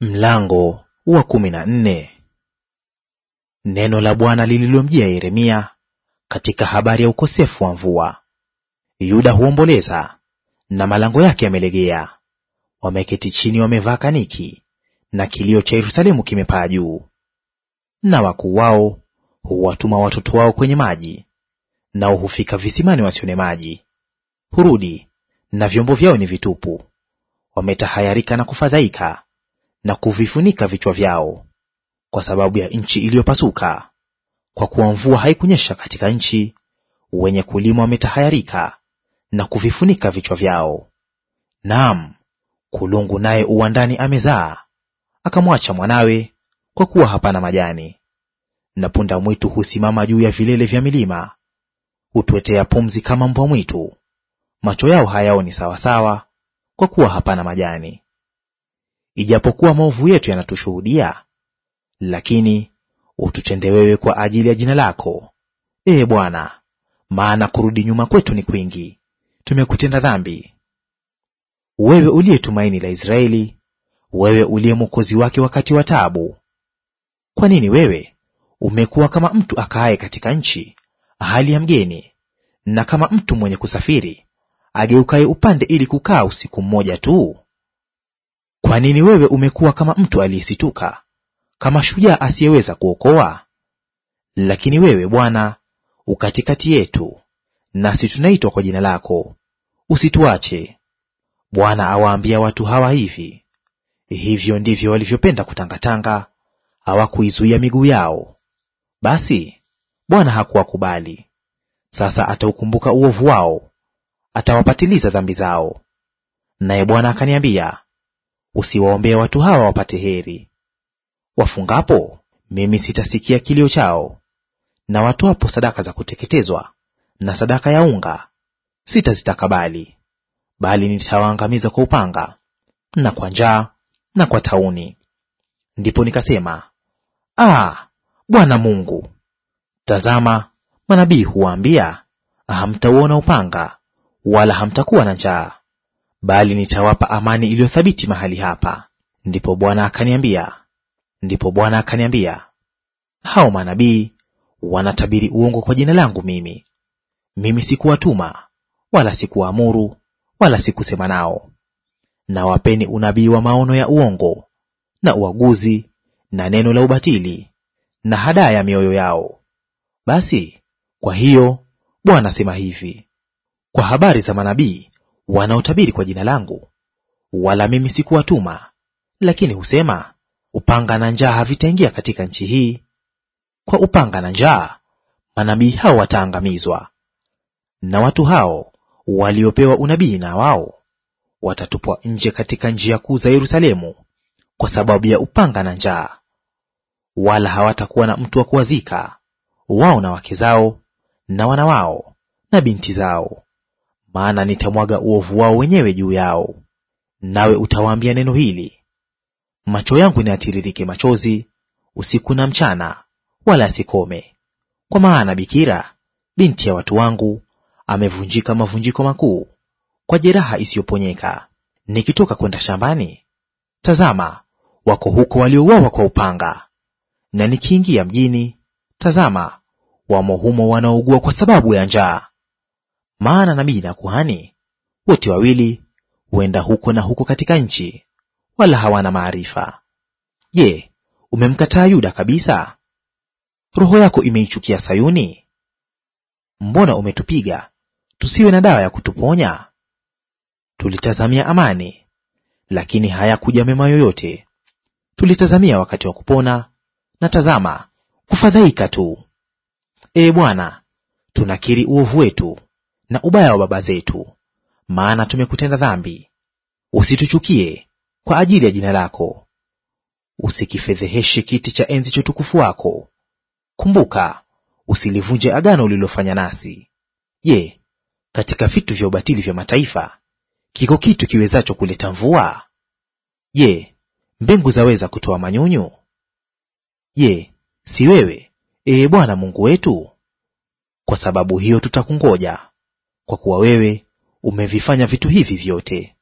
Mlango wa kumi na nne. Neno la Bwana lililomjia Yeremia katika habari ya ukosefu wa mvua. Yuda huomboleza na malango yake yamelegea, wameketi chini, wamevaa kaniki, na kilio cha Yerusalemu kimepaa juu. Na wakuu wao huwatuma watoto wao kwenye maji, nao hufika visimani wasione maji, hurudi na vyombo vyao ni vitupu, wametahayarika na kufadhaika na kuvifunika vichwa vyao, kwa sababu ya nchi iliyopasuka, kwa kuwa mvua haikunyesha katika nchi; wenye kulima wametahayarika na kuvifunika vichwa vyao. Naam, kulungu naye uwandani amezaa, akamwacha mwanawe, kwa kuwa hapana majani. Na punda mwitu husimama juu ya vilele vya milima, hutwetea pumzi kama mbwa mwitu. Macho yao hayaoni sawasawa, kwa kuwa hapana majani. Ijapokuwa maovu yetu yanatushuhudia, lakini ututende wewe kwa ajili ya jina lako, ee Bwana, maana kurudi nyuma kwetu ni kwingi, tumekutenda dhambi. Wewe uliye tumaini la Israeli, wewe uliye mwokozi wake wakati wa taabu, kwa nini wewe umekuwa kama mtu akaaye katika nchi hali ya mgeni, na kama mtu mwenye kusafiri ageukaye upande ili kukaa usiku mmoja tu? Kwa nini wewe umekuwa kama mtu aliyesituka, kama shujaa asiyeweza kuokoa? Lakini wewe Bwana ukatikati yetu, nasi tunaitwa kwa jina lako, usituache. Bwana awaambia watu hawa hivi, hivyo ndivyo walivyopenda kutangatanga, hawakuizuia miguu yao, basi Bwana hakuwakubali. Sasa ataukumbuka uovu wao, atawapatiliza dhambi zao. Naye Bwana akaniambia, usiwaombee watu hawa wapate heri. Wafungapo mimi sitasikia kilio chao, na watoapo sadaka za kuteketezwa na sadaka ya unga sitazitakabali, bali nitawaangamiza kwa upanga na kwa njaa na kwa tauni. Ndipo nikasema, Ah, Bwana Mungu, tazama, manabii huwaambia hamtauona upanga wala hamtakuwa na njaa, bali nitawapa amani iliyothabiti mahali hapa. Ndipo Bwana akaniambia, ndipo Bwana akaniambia, hao manabii wanatabiri uongo kwa jina langu mimi. Mimi sikuwatuma wala sikuwaamuru wala sikusema nao. Na wapeni unabii wa maono ya uongo na uaguzi na neno la ubatili na hadaa ya mioyo yao. Basi kwa hiyo Bwana asema hivi kwa habari za manabii wanaotabiri kwa jina langu, wala mimi sikuwatuma, lakini husema, upanga na njaa havitaingia katika nchi hii; kwa upanga na njaa manabii hao wataangamizwa. Na watu hao waliopewa unabii na wao watatupwa nje katika njia kuu za Yerusalemu kwa sababu ya upanga na njaa, wala hawatakuwa na mtu wa kuwazika wao na wake zao na wana wao na binti zao, maana nitamwaga uovu wao wenyewe juu yao. Nawe utawaambia neno hili, macho yangu ni atiririke machozi usiku na mchana, wala asikome, kwa maana bikira binti ya watu wangu amevunjika mavunjiko makuu kwa jeraha isiyoponyeka. Nikitoka kwenda shambani, tazama, wako huko waliouawa kwa upanga, na nikiingia mjini, tazama, wamo humo wanaougua kwa sababu ya njaa. Maana nabii na kuhani wote wawili huenda huko na huko katika nchi, wala hawana maarifa. Je, umemkataa Yuda kabisa? Roho yako imeichukia Sayuni? Mbona umetupiga tusiwe na dawa ya kutuponya? Tulitazamia amani, lakini hayakuja mema yoyote; tulitazamia wakati wa kupona, na tazama, kufadhaika tu. Ee Bwana, tunakiri uovu wetu, na ubaya wa baba zetu, maana tumekutenda dhambi. Usituchukie kwa ajili ya jina lako, usikifedheheshe kiti cha enzi cha utukufu wako. Kumbuka, usilivunje agano ulilofanya nasi. Je, katika vitu vya ubatili vya mataifa kiko kitu kiwezacho kuleta mvua? Je, mbingu zaweza kutoa manyunyu? Je, si wewe, Ee Bwana Mungu wetu? Kwa sababu hiyo tutakungoja kwa kuwa wewe umevifanya vitu hivi vyote.